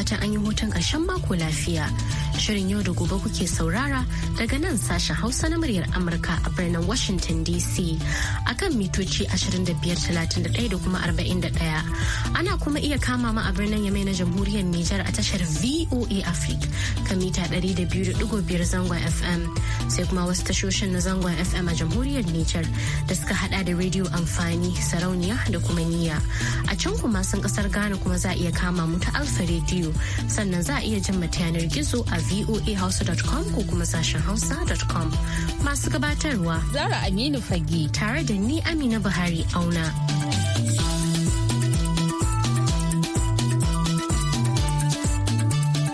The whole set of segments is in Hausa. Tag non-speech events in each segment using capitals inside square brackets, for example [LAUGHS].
fatan an yi hutun ƙarshen mako lafiya. Shirin yau da gobe kuke saurara daga nan sashen Hausa na muryar Amurka a birnin Washington DC a kan mitoci 2531 da kuma 41. Ana kuma iya kama ma a birnin Yamai na Jamhuriyar Nijar a tashar VOA Africa kan mita 200.5 zangon FM sai kuma wasu tashoshin na zangon FM a Jamhuriyar Nijar da suka hada da rediyo amfani sarauniya da kuma niyya. A can kuma sun kasar Ghana kuma za a iya kama mu ta Alfa rediyo sannan za a iya jin mata yanar gizo a voahausa.com ko kuma sashen hausa.com masu gabatarwa gabatarwa Zara Aminu Fage tare da ni Amina Buhari auna.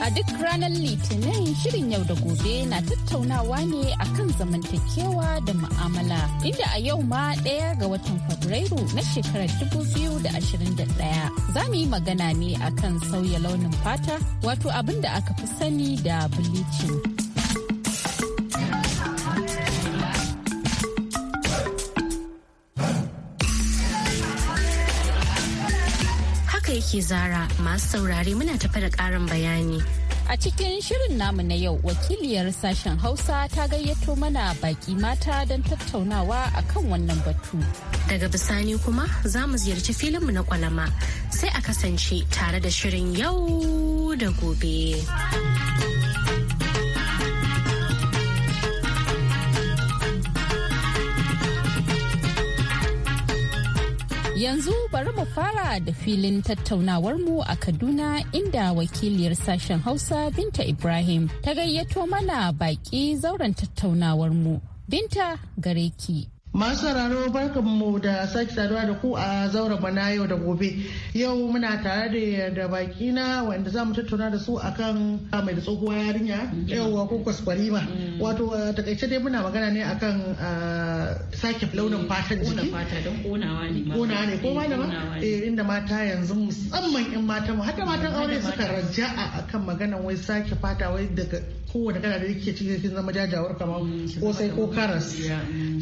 A duk ranar Litinin shirin yau da gobe na tattaunawa ne akan zamantakewa da ma'amala inda a yau ma ɗaya ga watan Fabrairu na shekarar da 2021 za mu yi magana ne akan sauya launin fata wato abin da aka fi sani da bleaching. ce Zara masu saurare muna tafa da ƙarin bayani. A cikin shirin namu na yau wakiliyar sashen Hausa ta gayyato mana baki mata don tattaunawa a kan wannan batu. Daga bisani kuma za mu ziyarci filinmu na kwalama sai a kasance tare da shirin yau da gobe. Yanzu bari mu fara da filin tattaunawarmu a Kaduna inda wakiliyar sashen Hausa Binta Ibrahim ta gayyato mana baƙi zauren tattaunawarmu. Binta gare ki. Masu sauraro barkanmu da sake saduwa da ku a zauren bana yau da gobe. Yau muna tare da baki na wanda za mu tattauna da su akan mai da tsohuwa yarinya Yau wa ko kwaskwarima. Mm. Wato takaice dai muna magana ne akan sake launin mm, fatan jiki. fata don ne. Konawa ne ko malama? Eh inda mata yanzu musamman in mata mu hatta matan mm, aure suka raja'a akan maganan wai sake fata wai daga kowane kana da yake cikin zama jajawar kamar ko sai ko karas.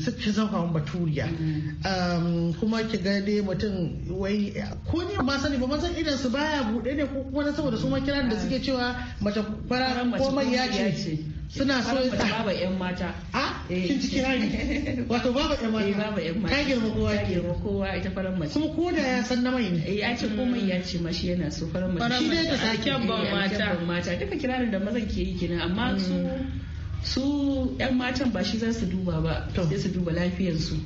suke zama baturiya mm. um, kuma ki ga dai mutum wai ko ni ma sani ba san idan su baya bude ne ko kuma saboda su ma kiran da suke cewa mace fara ko mai ya ce suna so ya ta baba yan mata a eh. kin ciki hari [LAUGHS] wato baba yan mata eh, baba yan mata ka girma kowa girma kowa ita faran mace kuma ko da ya san na mai ne eh, ya ce ko mai ya ce ma shi yana so faran mace shi dai ta sake ban mata mata duka kiranin da mazan ke yi kenan amma su mm. su 'yan matan ba shi za su duba ba sai su duba lafiyarsu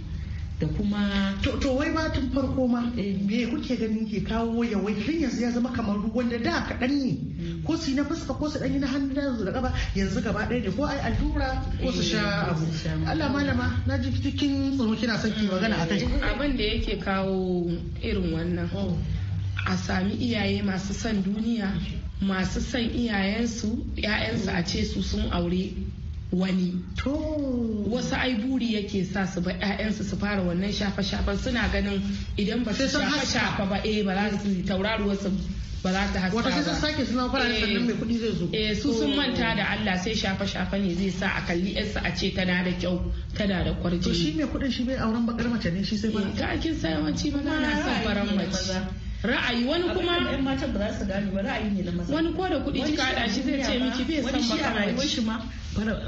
da kuma to wai ma tun farko ma eh. me kuke ganin ke kawo ya wai tun yanzu ya zama kamar ruwan da da kaɗan ne mm. ko su na fuska ko su danyi na hannu da yanzu da gaba yanzu gaba ɗaya da ko ai allura ko su sha eh, abu Allah malama na ji cikin tsoro kina son ki magana a kai eh, abin da yake kawo irin wannan oh. a sami iyaye masu son duniya masu son iyayensu 'ya'yansu a ce su sun aure wani to wasu aiburi yake sa su ba ƴaƴansu su fara wannan shafa shafa suna ganin idan ba su shafa shafa ba eh ba za su tauraruwa su ba za ta haska ba wata sai sake suna fara sannan mai kuɗi zai zo eh, eh su sun manta da Allah sai shafa shafa ne zai sa a kalli ƴarsa a ce tana da kyau tana da kwarji to shi mai kuɗin shi bai auren bakar mace ne shi sai ba eh, ga kin sa yawanci ba na son baran mace ra'ayi wani kuma wani ko da kuɗi kika da shi zai ce miki bai san baka wani shi ma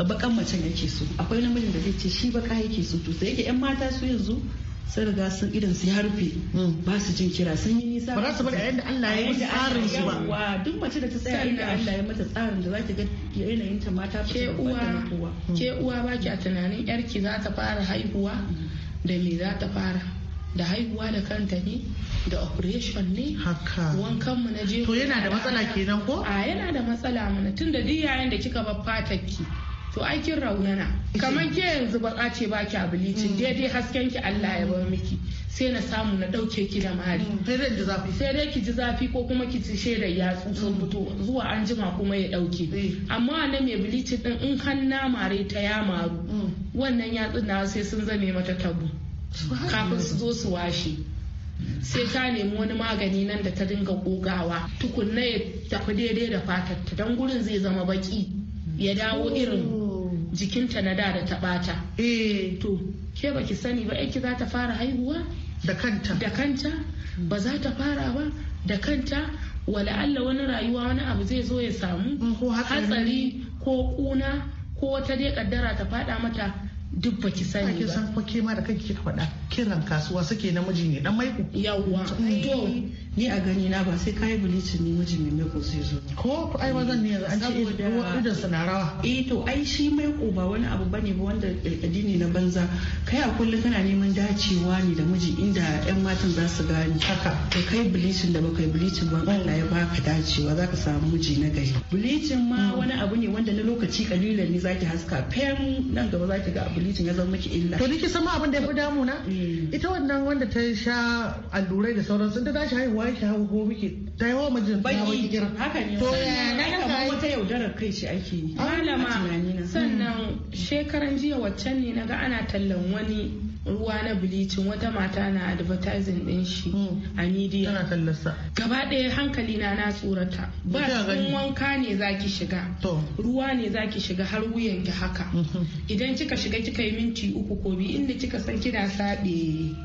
bakan macen yake so akwai namijin da zai ce shi baka yake so to sai yake yan mata su yanzu sai riga sun idan su harfe hmm. ba su jin kira sun yi nisa ba su bari a yadda Allah ya yi tsarin su ba duk mace da ta tsaya inda Allah ya mata tsarin da za ki ga yanayin ta mata ce uwa ke uwa baki a tunanin yarki za ta fara haihuwa hmm. da me za ta fara da haihuwa da kanta ne da operation ne haka wankan mu na to yana da matsala kenan ko a yana da matsala mana tun da yayin da kika bar fatakki to ai kin raunana kamar ke yanzu baka ce baki a bilicin mm. daidai hasken ki Allah ya bar miki sai na samu na dauke ki da mari mm, sai dai ki ji zafi ko kuma ki ci shaidar yatsu sun mm. fito zuwa an jima kuma ya dauke eh. amma na mai bilicin din in hanna mare ta ya maru wannan yatsun na sai sun zame mata tabu kafin su zo su washe sai ta nemi wani magani nan da ta dinga gogawa tukunna ya tafi daidai da fatar ta don gurin zai zama baki ya dawo irin jikinta na da da ta bata. Eh. to ke baki sani ba aiki za ta fara haihuwa da kanta da kanta ba za ta fara ba da kanta wala Allah wani rayuwa wani abu zai zo ya samu mm, hatsari ko kuna ko wata dai kaddara ta fada mata duk baki sani ba. Ake san fa ke ma da kanki kika faɗa kiran kasuwa suke na miji ne dan maiko. Yawwa. To ni a gani na ba sai kayi bilicin ne miji mai maiko sai zo. Ko ai ba zan ne yanzu an ce idan sana rawa. Eh to ai shi maiko ba wani abu bane ba wanda kirkadi ne na banza kai a kullu kana neman dacewa ne da miji inda yan matan za su gane. Haka. To kai bilicin da baka yi bilicin ba mm. Allah ya baka dacewa za ka samu miji na gari. Bilicin ma mm. wani abu ne wanda na lokaci kalilan ne zaki haska fem nan gaba zaki ga abu bleaching ya zama miki illa to san sama abin da ya fi damu na mm. ita wannan wanda ta sha allurai da sauran sun ta tashi haihuwa yake hawo ko miki ta yawa majin ta ki kira. haka ne to ya na kamar wata yaudarar kai shi ake yi malama sannan mm. shekaran jiya waccan ne na ga ana tallan wani ruwa na bilicin wata mata na advertising din shi hmm. a media tana tallasa gaba ɗaya hankali na na tsorata ba sun wanka ne zaki shiga ruwa ne zaki shiga har wuyan ki haka mhm. idan kika shiga kika yi minti uku ko bi, inda kika san kina sabe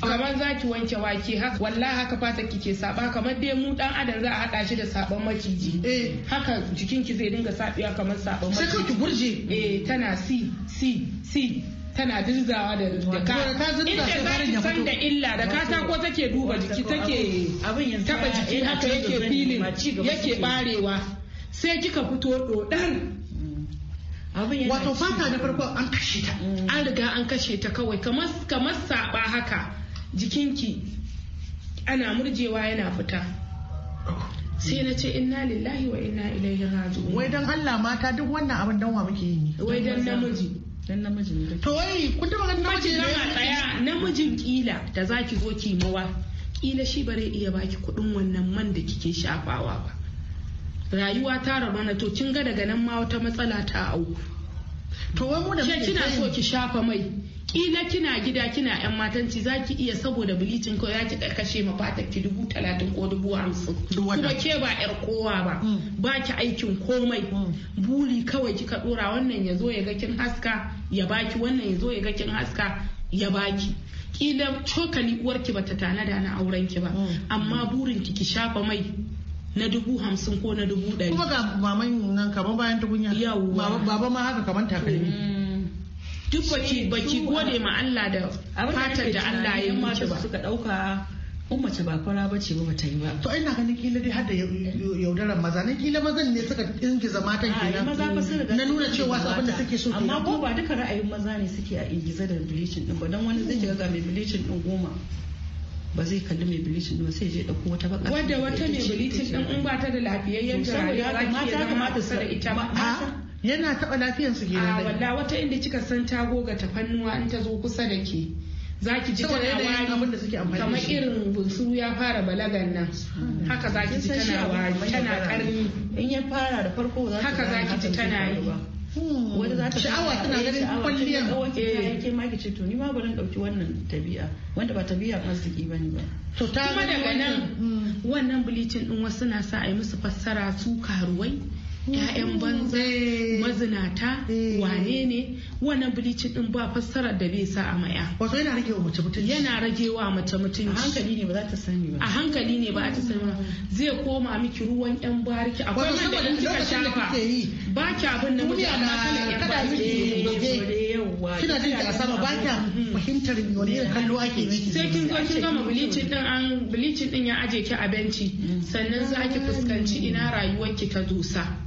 kamar zaki wanke wake haka wallahi haka fata kike saba kamar dai mu dan adam za a hada shi da sabon maciji eh. haka jikin ki zai dinga sabiya kamar sabon maciji sai ki burje eh tana si si si tana dirzawa da ka inda za ki san da illa da ko take duba jiki take taba jiki haka yake filin yake barewa sai kika fito dodar wato fata na farko an kashe ta mm. an riga an kashe ta kawai kamar saba haka jikinki ana murjewa yana fita sai na ce inna lillahi wa inna ilaihi raji'un wai dan Allah mata duk wannan abin wa muke yi wai dan namiji dan to wai kun taba ganin namijin kila da zaki zo ki mawa kila shi bare iya baki kudin wannan man da kike shafawa ba rayuwa ta rabana to kin ga daga nan ma wata matsala ta auku to wai mu da kina so ki shafa mai kila kina gida kina yan matanci za ki iya saboda bilicin ko ya ki kashe ma fatar ki dubu talatin ko dubu hamsin kuma ke ba yar kowa ba mm. ba ki aikin komai mm. buri kawai kika dora wannan ya zo ya ga kin haska ya baki wannan ya zo ya ga kin haska ya baki kila cokali uwarki bata tanada na auren ki ba mm. amma burin ki ki shafa mai na dubu hamsin ko na dubu ɗari. Kuma ga maman nan kaman bayan tukunya. Yawwa. Baba ma haka kamar takalmi. duk baki baki gode ma Allah da fatar da Allah ya mace ba suka dauka in ba kwara ba ce ba ta yi ba to ina ganin kila dai har da yaudaran maza ne kila mazan ne suka ingiza matan kenan na nuna cewa su abinda suke so amma ko ba duka ra'ayin maza ne suke a ingiza da bleaching din ba dan wani zai ga mai bleaching din goma ba zai kalli mai bilicin din sai je dauko wata baka wadda wata ne bilicin din in ba ta da lafiyayyen jarabe ya kamata kamata su da ita ba yana taɓa lafiyarsu ke a walla wata inda kika san ta goga ta fannuwa in ta zo kusa da ke za ki ji tana wari kamar irin busu ya fara balagan nan haka za ki ji tana wari tana karni in ya fara da farko za haka za ki ji tana yi hmm. wani za ta sha'awa tana eh, ganin kwalliyar oh, eh ke ma ki ce to ni ma bari dauki wannan tabi'a wanda ba tabi'a arziki bane ba to ta kuma daga nan wannan hmm. bilicin din wasu na sa a yi musu fassara su karuwai 'ya'yan mm. banza eh. mazinata eh. wane ne wannan bilicin din ba fassarar da bai sa a maya wato yana rage wa mace mutunci yana rage wa mace mutunci a hankali ne ba za ta sani ba a hankali ne ba ta sani ba mm. zai koma miki ruwan yan bariki akwai man da in kika shafa ba ki abin da mutum na kada miki yauwa kina jin ka sama ba ki mm-hmm. fahimtar me wani irin kallo ake miki sai kin zo kin gama bilicin din an bilicin din ya aje ki a benci mm. sannan za ki fuskanci ina rayuwar ki ta dusa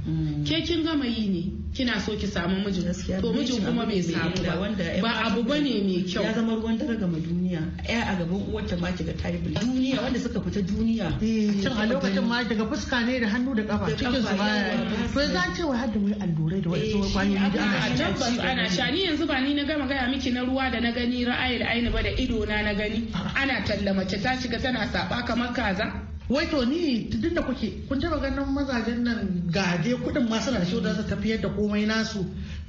ke kin gama yi ne kina so ki samu mijin to mijin kuma bai samu ba ba abu bane mai kyau ya zama ruwan dare gama duniya ya a gaban uwarta ma kiga tarihi duniya wanda suka fita duniya tun a lokacin ma daga fuska ne da hannu da kafa cikin su to zan ce wa hadda wai allurai da wani eh, tsohon kwayoyi da ana ba ana sha ni yanzu ba ni na gama gaya miki na ruwa da na gani ra'ayi da aini ba da ido na na gani ana tallamace ta shiga tana saba kamar kaza wai to ni tun da kuke kun taba ganin mazajen nan gaje kudin ma suna shi da su tafiyar da komai nasu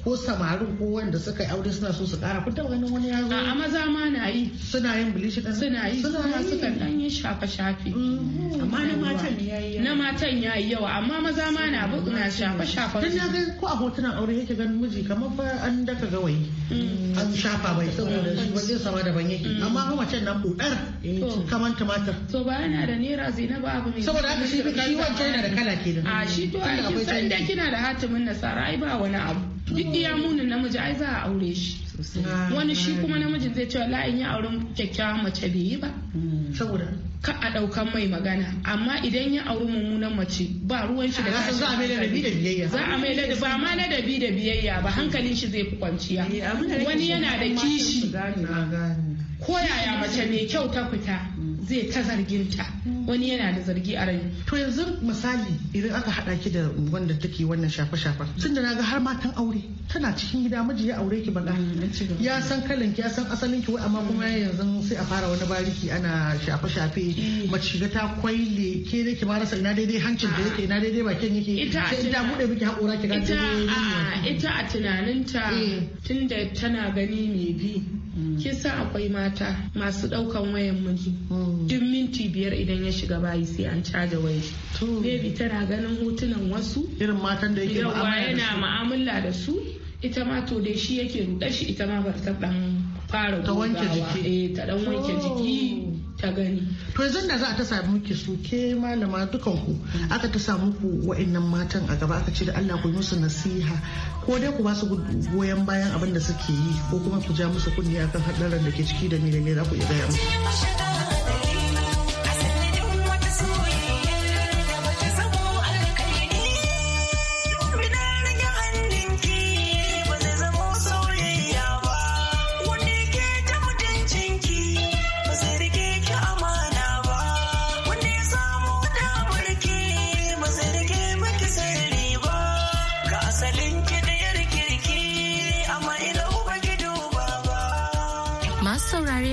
ko samarin ko wanda suka yi aure suna so su kara kun taba ganin wani ya a maza ma na yi suna yin bilishi dan suna yi suna suka dan yi shafa shafi mm-hmm. amma na matan yayi na matan yayi yawa amma maza ma na buƙuna shafa shafa tun dan na ga ko a hotunan aure yake ganin miji kamar fa an daka gawayi mm. man shafa bai saboda shi zai sama daban yake mm. amma kuma macen nan budar eh, kamar tumatir to ba yana da naira zainaba abu mai saboda haka shi shi wancan yana da kala kenan a shi to a kin san da kina da hatimin nasara ai ba wani abu duk iya munin namiji ai za a aure shi wani shi ah. kuma namijin zai ce la'in ya auren kyakkyawan mace bai yi ba hmm. saboda ka a ɗaukan mai magana amma idan ya auri mummunan mace ba ruwan shi da ta za a mai ladabi da biyayya za a mai ladabi ba ma ladabi da biyayya ba hankalin shi zai fi kwanciya eh, wani yana da kishi ko yaya mace mai kyau ta fita mm. zai ta zarginta mm. wani yana da zargi a rai to yanzu misali idan aka hada ki da wanda take wannan shafe shafe tun da naga har matan aure tana cikin gida miji ya aure ki baka mm, ya san kalan ki ya san asalin ki wai amma kuma yanzu sai a fara wani bariki ana shafe shafe eh. mace shiga ta kwaile ke da ki ma rasa ina daidai hancin da yake ina daidai bakin yake sai ita bude miki hakura ki ga ita a tunaninta eh. tunda tana gani mai bi mm. kisa akwai mata masu daukan wayan miji mm. duk minti biyar idan ya shiga bayi sai an caja wayar shi maybe tana ganin hotunan wasu irin matan da yake mu'amala da su yana da su. ita ma to dai shi yake ruɗa shi ita ma ta dan fara ta wanke jiki eh ta dan wanke oh. jiki ta gani to yanzu da za a ta samu ki su ke malama dukan ku aka ta samu ku wa'annan matan a gaba aka ce da Allah ku yi musu nasiha ko dai ku ba su goyon bayan abin da suke yi ko kuma ku ja musu kunni akan hadarin da ke ciki da ne da ne za ku iya gaya musu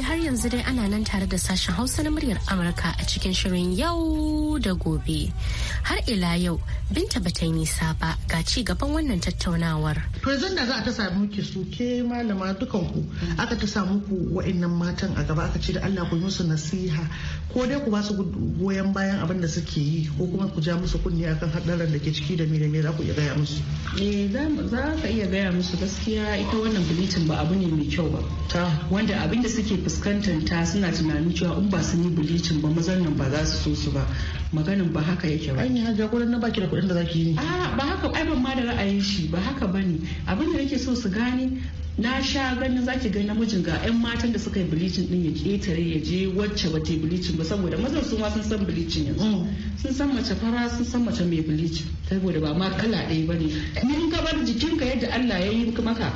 dare har yanzu dai ana nan tare da sashen Hausa na muryar Amurka a cikin shirin yau da gobe. Har ila yau, Binta bata yi nisa ba ga ci gaban wannan tattaunawar. To yanzu da za a ta samu ki su ke malama dukan ku aka ta samu ku wa'annan matan a gaba aka ce da Allah ku yi musu nasiha ko dai ku ba su goyon bayan abin da suke yi ko kuma ku ja musu kunni akan hadarin da ke ciki da me ne me za ku iya gaya musu. Me za ka iya gaya musu gaskiya ita wannan bulletin ba abu ne mai kyau ba. Wanda abin da suke fuskantar ta suna tunanin cewa in ba su yi bulletin ba mazan nan ba za su so su ba. Maganin ba haka yake ba. An yi hajja na baki da kuɗin da za ki yi. Ah ba haka ai ban ma da ra'ayin shi ba haka bane abin da nake so su gane na sha ganin zaki ga namijin ga 'yan matan da suka yi bilicin din ya ketare ya je wacce ba ta yi bilicin ba saboda mazan su ma sun san bilicin yanzu mm. sun san mace fara sun san mace mai bilicin saboda ba ma kala ɗaya ba ne in ka bar jikinka yadda Allah ya yi maka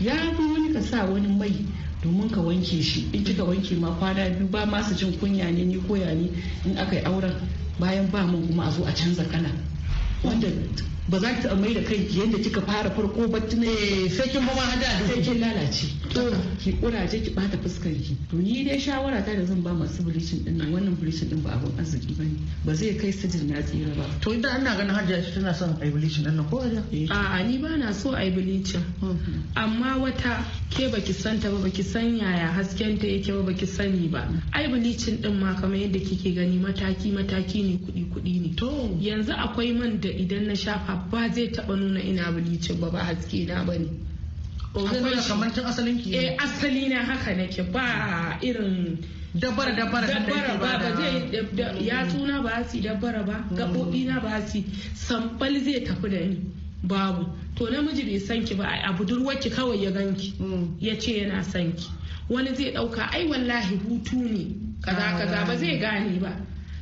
ya fi wani ka sa wani mai domin ka wanke shi in kika wanke ma kwana biyu ba masu jin kunya ne ni koya ne in aka yi auren bayan ba mun kuma a zo a canza kala ba za ta mai da kai yadda kika fara farko ba tun eh, sai kin bama da sai kin lalace to ki kuraje ki bata fuskar ki to ni dai shawara ta da zan ba masu bleaching din nan wannan bleaching din ba abun arziki bane ba zai kai sajin na tsira ba to idan ana ganin hajjia shi tana son ai bleaching din nan ko a eh. a ni ba na so ai bleaching mm-hmm. amma wata ke baki santa ba baki san yaya hasken ta yake ba baki sani ba ai bleaching din ma kamar yadda kike gani mataki mataki ne kudi kudi ne to yanzu akwai man da idan na shafa ba zai taba nuna ina bilicin ba ba haske na ba ne kamar kamancin asalin ki eh asali na haka nake ba irin dabbara dabbara dabbara ba ba zai ya tuna ba su dabbara ba gabobi na ba su mm. sambal zai tafi da ni babu to namiji bai san ki ba a budurwarki kawai ya ganki mm. ya ce yana san ki wani zai dauka ai wallahi hutu ne kaza kaza ba zai gane ba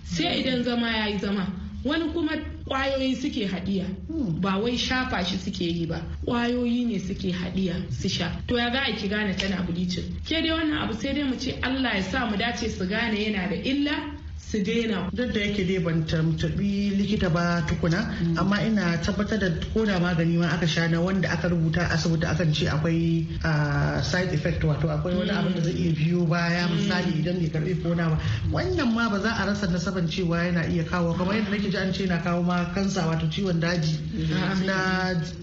sai mm. idan zama ya yi zama wani kuma kwayoyi suke haɗiya hmm. ba wai shafa shi suke yi ba kwayoyi ne suke haɗiya su sha to ya za a ki gane tana bleaching ke dai wannan abu sai dai mu ce Allah ya sa mu dace su gane yana da illa su daina duk da yake dai ban tamtabi likita ba tukuna mm. amma ina tabbatar da koda magani ma aka sha na wanda aka rubuta asibiti akan ce akwai side effect wato akwai wani abin da zai iya biyo baya mm. misali idan bai karbi kona ba wannan ma ba za a rasa nasaban cewa yana iya kawo kamar yadda nake ji an ce na kawo ma kansa wato ciwon daji mm.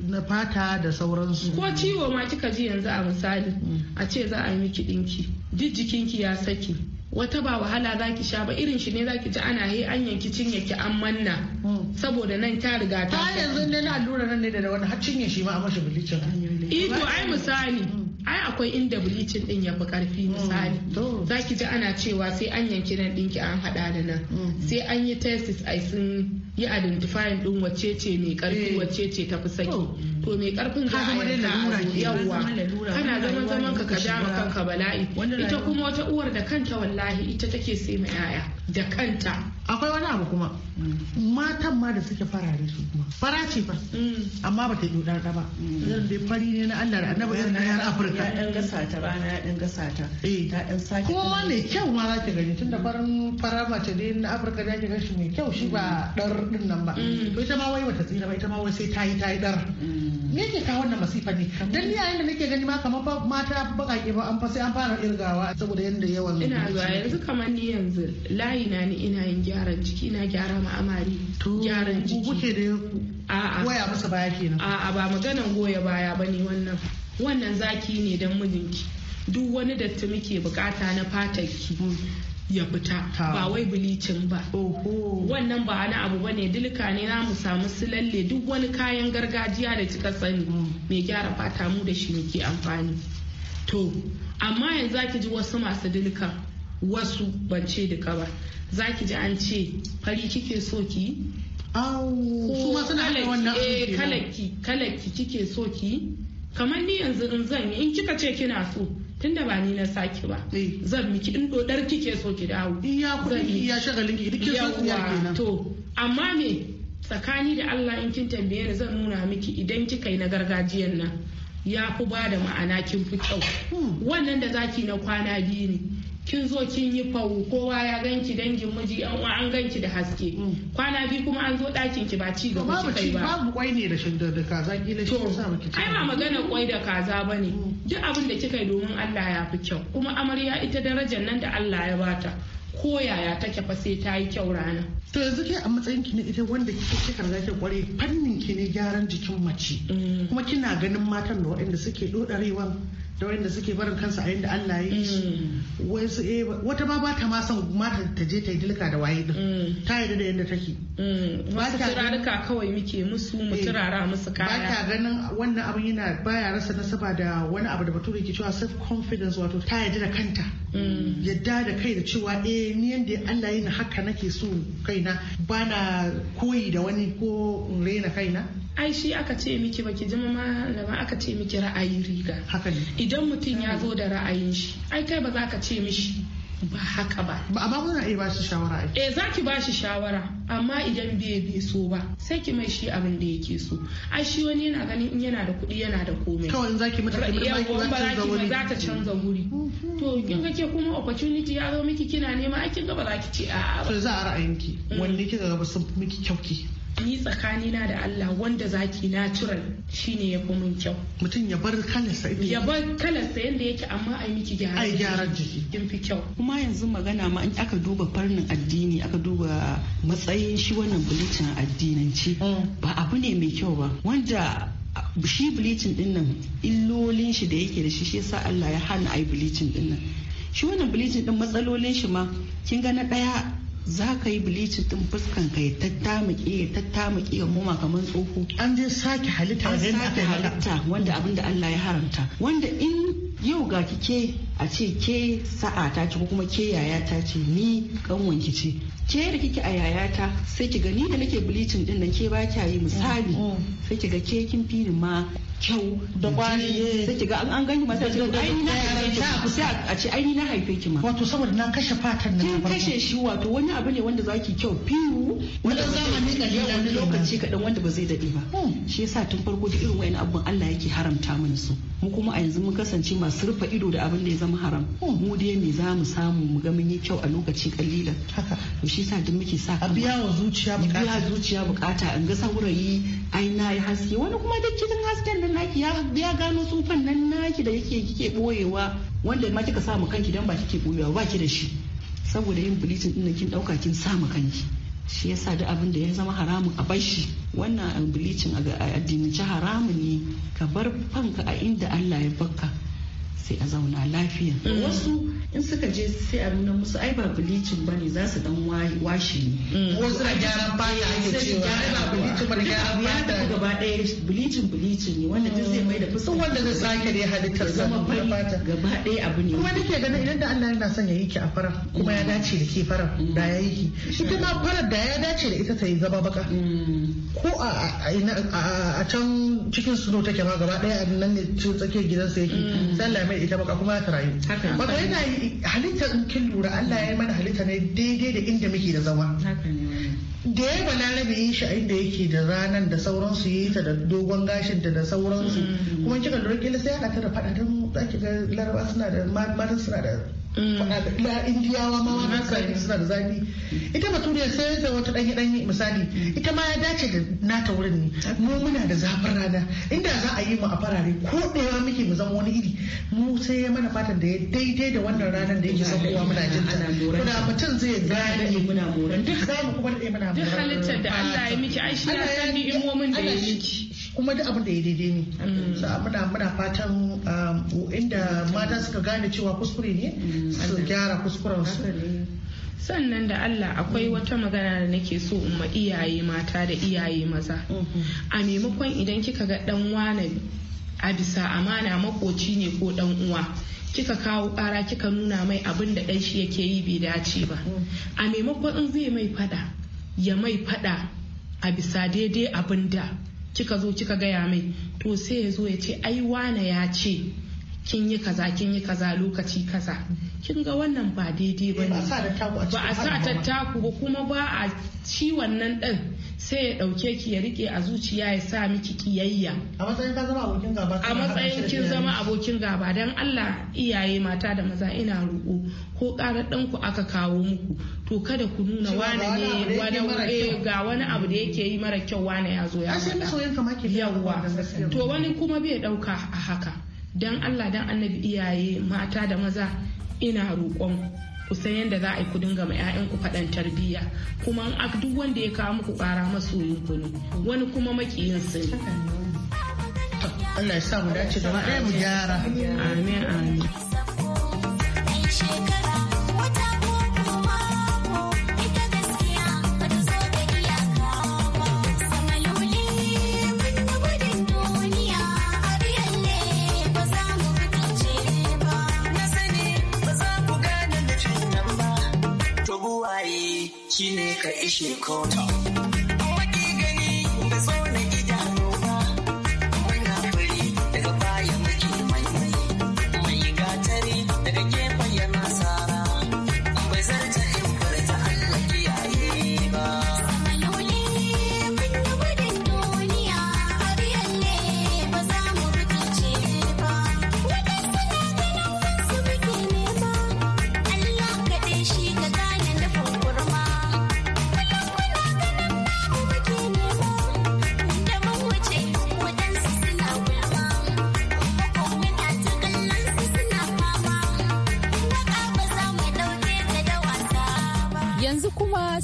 na fata da sauransu ko ciwo ma kika ji yanzu a misali a ce za a yi miki dinki duk jikinki ya saki wata ba wahala za ki sha ba irin shi ne za ki ji ana he an yanki cinye ki an manna hmm. saboda nan ta riga ta ta yanzu ne na allura nan ne da wani har cinye shi ma a mashi bilicin ito eh ai misali hmm. ai akwai inda bilicin din ya fi karfi hmm. misali za ki ji ana cewa sai an yanki nan ɗinki an haɗa da nan sai an yi testis ai sun yi identifying din wacce ce mai karfi eh. wacce ce fi saki to mai karfin ka zama dai lalura yawwa kana zaman zaman ka ka dama kanka bala'i ita kuma wata uwar da kanta wallahi ita take sai mai yaya da kanta akwai wani abu kuma mm. matan ma da suke farare su kuma fara ce fa mm. amma ba ta yi dodar ba mm. zan dai fari ne na Allah da annabi irin na yar Afirka ya dan gasa ta rana ya dan gasa ta eh. ta dan saki kuma ne kyau ma za ki gani tunda farin fara mace dai na Afirka da ki ga shi mai kyau shi ba dar din nan ba to ita ma wai wata tsira ba ita ma wai sai ta yi ta yi dar me yake kawo wannan masifa ne dan ni yayin da nake gani ma kamar mata bakake ba an fa sai an fara irgawa saboda yanda yawan ina zuwa yanzu kamar ni yanzu layi na ni ina yin gyaran jiki na gyara ma amari gyaran jiki kuke da a'a goya musu baya kenan a'a ba maganan goya baya bane wannan wannan zaki ne dan mijinki duk wani datti muke bukata na fatarki hmm. ya fita ba wai bilicin ba wannan ba wani abu bane dilka ne na mu samu su lalle duk wani kayan gargajiya da kika sani hmm. mai gyara fata mu da shi muke amfani to amma yanzu zaki ji wasu masu dilka wasu ban ce duka ba zaki ji an ce fari kike so ki kalaki eh, kalaki kike so ki kamar ni yanzu in zan yi in kika ce kina so tunda ba ni na saki ba eh. zan miki in dodar kike so ki dawo iya kuɗin iya shagalin ki duk ya kenan to amma me tsakani da Allah in kin tambaye ni zan nuna miki idan kika yi na gargajiyan nan ya fi ba da ma'ana kin fi kyau hmm. wannan da zaki na kwana biyu ne kin zo kin yi fawo kowa ya ganki dangin miji yan an an ganki da haske mm. kwana biyu kuma an zo ɗakin ki ba ci gaba ki kai ba babu kwai ne da shin da kaza kila shi miki ai ba magana kwai da kaza bane mm. duk abin da kika yi domin Allah ya fi kyau kuma amarya ita darajar nan da Allah ya bata ko yaya take fa sai ta yi kyau rana. To yanzu kai a matsayin ki ne ita wanda kike kika riga ki kware fannin ki ne gyaran jikin mace. Mm. Kuma kina ganin matan da waɗanda suke dodarewa da wanda suke barin kansa a yadda Allah ya yi mm. wasu eh, wata ba ta ma son mata ta je ta yi dilka da waye din mm. ta yi da yadda take mm. Wasu turaruka kawai muke musu mu eh. turara musu kaya ba ta ganin wannan abin yana baya rasa nasaba da wani abu da bature ke cewa self confidence wato ta yadda da kanta yadda da kai da cewa eh ni yadda Allah ya haka nake so kaina bana koyi da wani ko in raina kaina ai shi aka ce miki baki zama malama aka ce miki ra'ayi riga idan mutum ya zo da ra'ayin shi ai kai ba za ka ce mishi ba haka ba ba amma muna iya bashi shawara eh za ki bashi shawara amma idan bai bai so ba sai ki mai shi abin da yake so ai shi wani yana ganin in yana da kuɗi yana da komai kawai za ki mata kuɗi za ta canza wuri mm-hmm. to kin ga ke kuma opportunity ya zo miki kina nema ai kin ga ba za ki ce a'a ba to za a ra'ayinki mm. wanne kika ga sun miki kyauki ni tsakani na da Allah wanda zaki natural shine ya fi mun kyau mutum ya bar kalarsa ya bar kalarsa yanda yake amma ai miki gyara ai gyara jiki kin fi kyau kuma yanzu magana ma in aka duba farnin addini aka duba matsayin shi wannan bulicin addinanci mm. ba abu ne mai kyau ba wanda shi bulicin din nan illolin shi da yake da shi shi yasa Allah ya hana ai bulicin din nan shi wannan bulicin din matsalolin shi ma kin ga na daya za ka yi bilicin din fuskan ka ya tattamuke ya tattamuke ya muma kamar tsoho an je sake halitta an sake halitta wanda abin da Allah ya haramta wanda in yau ga kike a ce ke sa'a ta ce ko kuma ke yaya ta ce ni ki ce ke da kike a yayata sai ki gani da nake bleaching din nan ke ba kya yi misali mm, mm. sai ki ga ke kin fini ma kyau da kwani sai ki ga an ganki ma sai ki ga ai na haife ki sai a ce ai na haife ki ma wato saboda na kashe fatan nan kin kashe shi wato wani abu ne wanda zaki kyau fiwu wanda zamani kalilan wani lokaci kadan wanda ba zai dade ba mm. shi yasa tun farko da irin wayan abun Allah yake haramta mana su mu kuma a yanzu mun kasance masu rufe ido da abin da ya zama haram hmm. mu dai me za mu samu mu ga mun yi kyau a lokaci kalilan to shi sa duk muke sa biya wa zuciya bukata biya zuciya bukata in ga saurayi ai na yi haske wani kuma duk cikin hasken nan naki ya gano tsufan nan naki da yake kike boyewa wanda ma kika sa mu kanki dan ba kike boyewa ba ki da shi saboda yin bleaching din kin dauka kin sa mu kanki shi yasa duk abin da ya zama haramun a bar shi wannan bleaching a ci haramun ne ka bar fanka a inda Allah ya barka sai a zauna lafiya mm. wasu in suka je sai a nuna musu ai ba bilicin bane za su dan washe ne mm. wasu a gyara fata ake cewa ba bilicin bane gyaran fata ya gaba daya bilicin bilicin ne wanda duk zai mai da fuska wanda zai sake dai halittar zama fari gaba daya abu ne kuma nake ganin idan da Allah yana son ya yi ki a fara kuma ya dace da ke fara mm. da ya yi ki ita ma fara da ya dace da ita ta yi zama baka ko a can cikin suno take ma gaba daya a nan ne tsakiyar gidansa yake sai Allah mai ita baka kuma ta rayu wato yana halitta in kin lura Allah ya mana halitta ne daidai da inda muke da zama da ya balarabe yi shi a inda yake da ranan da sauransu yi ta da dogon gashin da da sauransu mm-hmm. kuma kika lura kila sai aka ta da faɗa don zaki ga laraba suna da matan suna da na mm. indiyawa ma wani zafi suna da zafi ita baturiya sai da wata ɗanyi ɗanyi misali ita ma ya dace da nata wurin ne mu muna da zafin rana inda za a yi mu a farare ko ɗaya muke mu zama wani iri mu sai ya mana fatan da ya daidai da wannan ranar da yake kowa muna jin ta kuna mutum zai gane muna moran duk za mu kuma da muna moran duk halittar da Allah ya miki ai shi ya san ni in mun da ya miki kuma duk abin da ya daidai ne mm. muna fatan um, inda mata suka gane cewa kuskure ne mm. su gyara kuskuren su sannan da Allah akwai wata magana da nake so umma iyaye mata da iyaye maza mm-hmm. a maimakon idan kika ga dan wane a bisa amana makoci ne ko dan uwa kika kawo kara kika nuna mai abin da dan shi yake yi bai dace ba mm. a maimakon in zai mai fada ya mai fada a bisa daidai abin da kika zo kika gaya mai to sai ya zo ya ce ai wane ya ce kin yi kaza kin yi kaza lokaci kaza kin ga wannan ba daidai ba ne eh, ba a sa tattaku ba kuma ba a ci wannan ɗan sai ya ɗauke ki ya rike a zuciya ya sa miki kiyayya a matsayin kin zama abokin gaba dan Allah iyaye mata da maza ina roƙo ko ƙarar ɗanku aka kawo muku to kada ku nuna wane ne eh, ga wani abu da yake yi mara kyau wane ya zo ya to wani kuma bai ɗauka a haka don allah don annabi iyaye mata da maza ina roƙon kusan yadda za a yi kudin dinga ma ku faɗan tarbiyya kuma duk wanda ya kawo muku ƙara masoyin ku ne wani kuma makiyin su ne. Allah ya sa mu dace da mu gyara. Amin amin. ne ka ishe kota.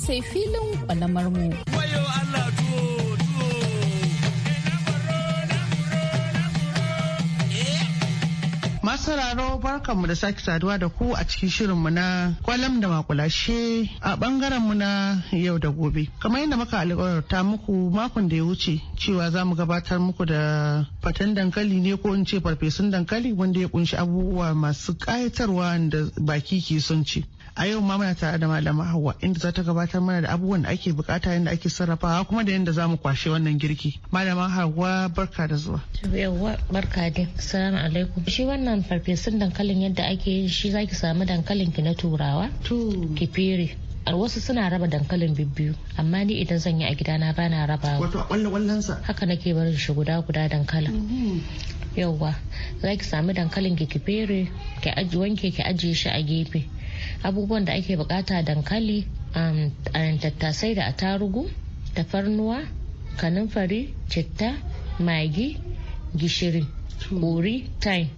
sai filin kwalamar mu. sauraro barkanmu da sake saduwa da ku a cikin mu na kwalam da makulashe a mu na yau da gobe. Kamar yadda muka alƙawarta muku makon da ya wuce cewa za mu gabatar muku da fatan dankali ne ko in ce farfesun dankali wanda ya kunshi abubuwa masu ƙayatarwa da baki ke son ci. a yau ma muna tare da malama hawa inda za ta gabatar mana da abubuwan da ake bukata yadda ake sarrafawa kuma da yadda za mu kwashe wannan girki. Malama hawa barka da zuwa. Yawwa barka da salamu alaikum. Shi wannan farfesun dankalin yadda ake yin shi zaki samu dankalin ki na turawa. tu Ki fere. wasu suna raba dankalin bibbiyu amma ni idan zan yi a gidana bana raba wato a sa haka nake barin shi guda guda dankalin mm-hmm. yauwa zaki samu sami dankalin ki ki fere ki wanke ki ajiye shi a gefe abubuwan da ake bukata dankali um, um tattasai da atarugu tafarnuwa kanunfari citta magi gishiri kori time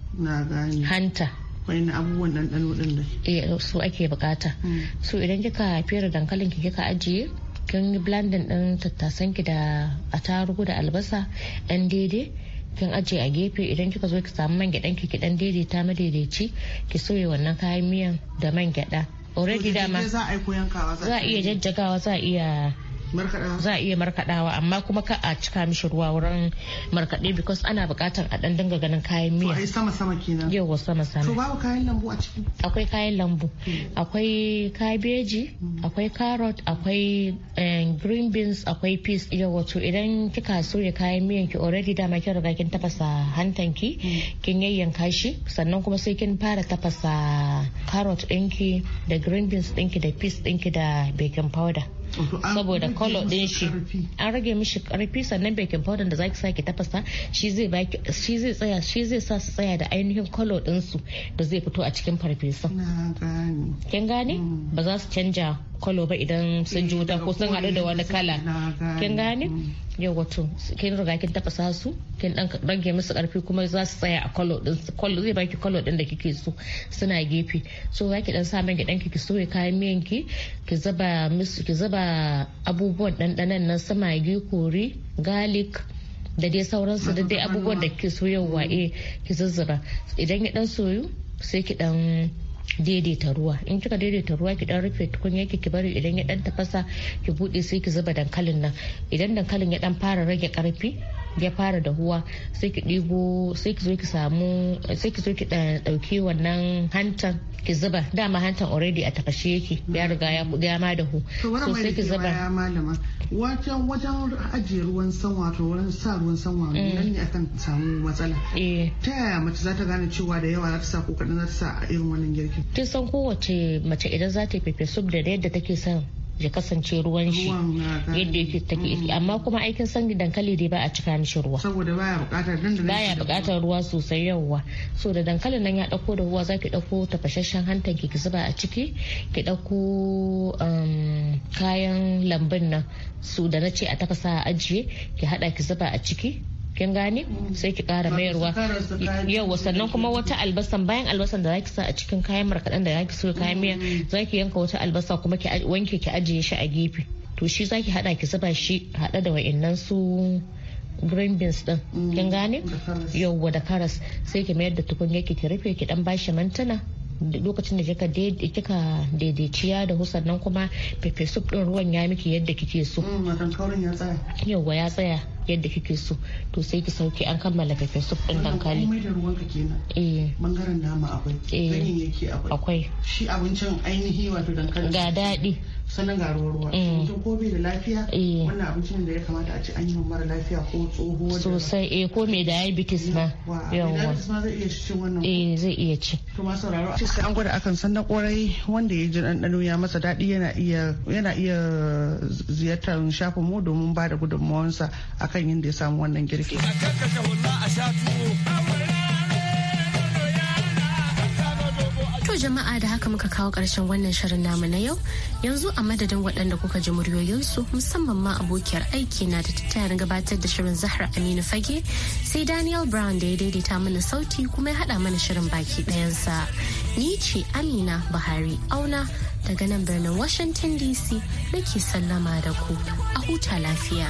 hanta wani abubuwan ɗanɗano ɗin da eh su ake bukata hmm. so idan kika fere dankalin ki kika ajiye kin yi blandin ɗin tattasan ki da atarugu da albasa ɗan daidai kin aje a gefe idan kika zo ki samu man gyaɗan ki ki dan daidaita madaidaici ki soya wannan kayan miyan da man gyaɗa already dama za a iya jajjagawa za a iya za a iya markaɗawa amma kuma ka a cika mishi ruwa wurin markaɗe because ana bukatar a ɗan dinga ganin kayan miya to sama sama kenan yawa sama sama to babu kayan lambu a ciki akwai kayan lambu hmm. akwai kabeji hmm. akwai carrot akwai eh, green beans akwai peas yawa to idan kika soya kayan miyan ki already dama kin riga kin tafasa hantanki hmm. kin yayyanka shi sannan kuma sai kin fara tafasa carrot ɗinki da green beans ɗinki da peas ɗinki da baking powder saboda kolo din shi an rage mishi karfi sannan baking powder da zaki sake tafasa shi zai baki shi zai tsaya shi zai sa su tsaya da ainihin kolo din su da zai fito a cikin farfesa kin gane mm. ba za su canja kwalo ba idan sun ji wuta ko sun haɗu da wani kala kin gane yau wato kin riga kin tafasa su kin dan rage musu karfi kuma za su tsaya a kwalo din kwalo zai baki kwalo din da kike so suna gefe so za ki dan sa man gidan ki ki soya kayan miyan ki ki zaba musu ki zaba abubuwan dandanan nan su magi kori garlic da dai sauransu da dai abubuwan da kike so yau wa'e eh, ki zazzaba idan ya dan soyu sai ki dan daidaita ruwa in kika daidaita ruwa ki dan rufe tukunya ki ki bari idan ya dan tafasa ki bude sai ki zuba dankalin nan idan dankalin ya dan fara rage karfi ya fara dahuwa sai ki ɗigo sai ki zo ki samu sai ki zo ki ɗauki wannan hantan ki zuba dama hantan already a takashe yake ya riga ya ma dahu so sai ki zuba wajen wajen ajiye ruwan sanwa to wurin sa ruwan sanwa. wa mm. nan ne akan samu matsala eh. ta yaya mace za ta gane cewa da yawa za ta sa ko za ta sa a irin wannan girki kin san kowace mace idan za ta yi sub da yadda take son ya kasance ruwan shi yadda yake take mm. amma kuma aikin sanyi dankali dai ba a cika mishi ruwa saboda baya bukatar dan da baya bukatar ruwa sosai yawa so da dankalin nan ya dauko da ruwa zaki dauko tafashashen hantan ki zuba a ciki ki dauko um, kayan lambun nan su da na ce a tafasa a ajiye ki hada ki zuba a ciki kin gane sai ki kara mayarwa yau sannan kuma wata albasan bayan albasan da zaki sa a cikin kayan markaɗen da zaki so kayan miya zaki yanka wata albasa kuma ki wanke ki ajiye shi a gefe to shi zaki hada ki zuba shi hada da wa'annan su green beans din kin gane yauwa da karas sai ki mayar da tukunya ki rufe ki dan bashi mantana lokacin da kika daidaiciya da husan nan kuma pepe soup din ruwan ya miki yadda kike so mm, yauwa ya tsaya yadda kike so to sai ki sauke an kammala pepe soup din dankali komai da ruwanka kenan eh bangaren nama akwai eh. yake akwai shi abincin ainihi wato dankali ga daɗi sannan ga ruwa ruwa eh. mutum ko bai da lafiya eh. wannan abincin da ya kamata a ci an yi wa mara lafiya ko tsoho sosai eh ko mai diabetes ma yawa ma zai iya ci wannan eh zai iya ci to ma sauraro ce sai an gwada akan san na kwarai wanda ya ji ɗanɗano ya masa daɗi yana iya yana iya ziyartar shafin mu domin ba da gudunmawansa akan yadda ya samu wannan girki. a sha tuwo. jama'a da haka muka kawo ƙarshen wannan shirin namu na yau yanzu a madadin waɗanda kuka ji muryoyinsu musamman ma abokiyar aiki na da tattayar gabatar da shirin zahra aminu fage sai daniel brown da ya daidaita mana sauti kuma ya haɗa mana shirin baki ɗayansa ni ce amina buhari auna daga nan birnin washington dc nake sallama da ku a huta lafiya.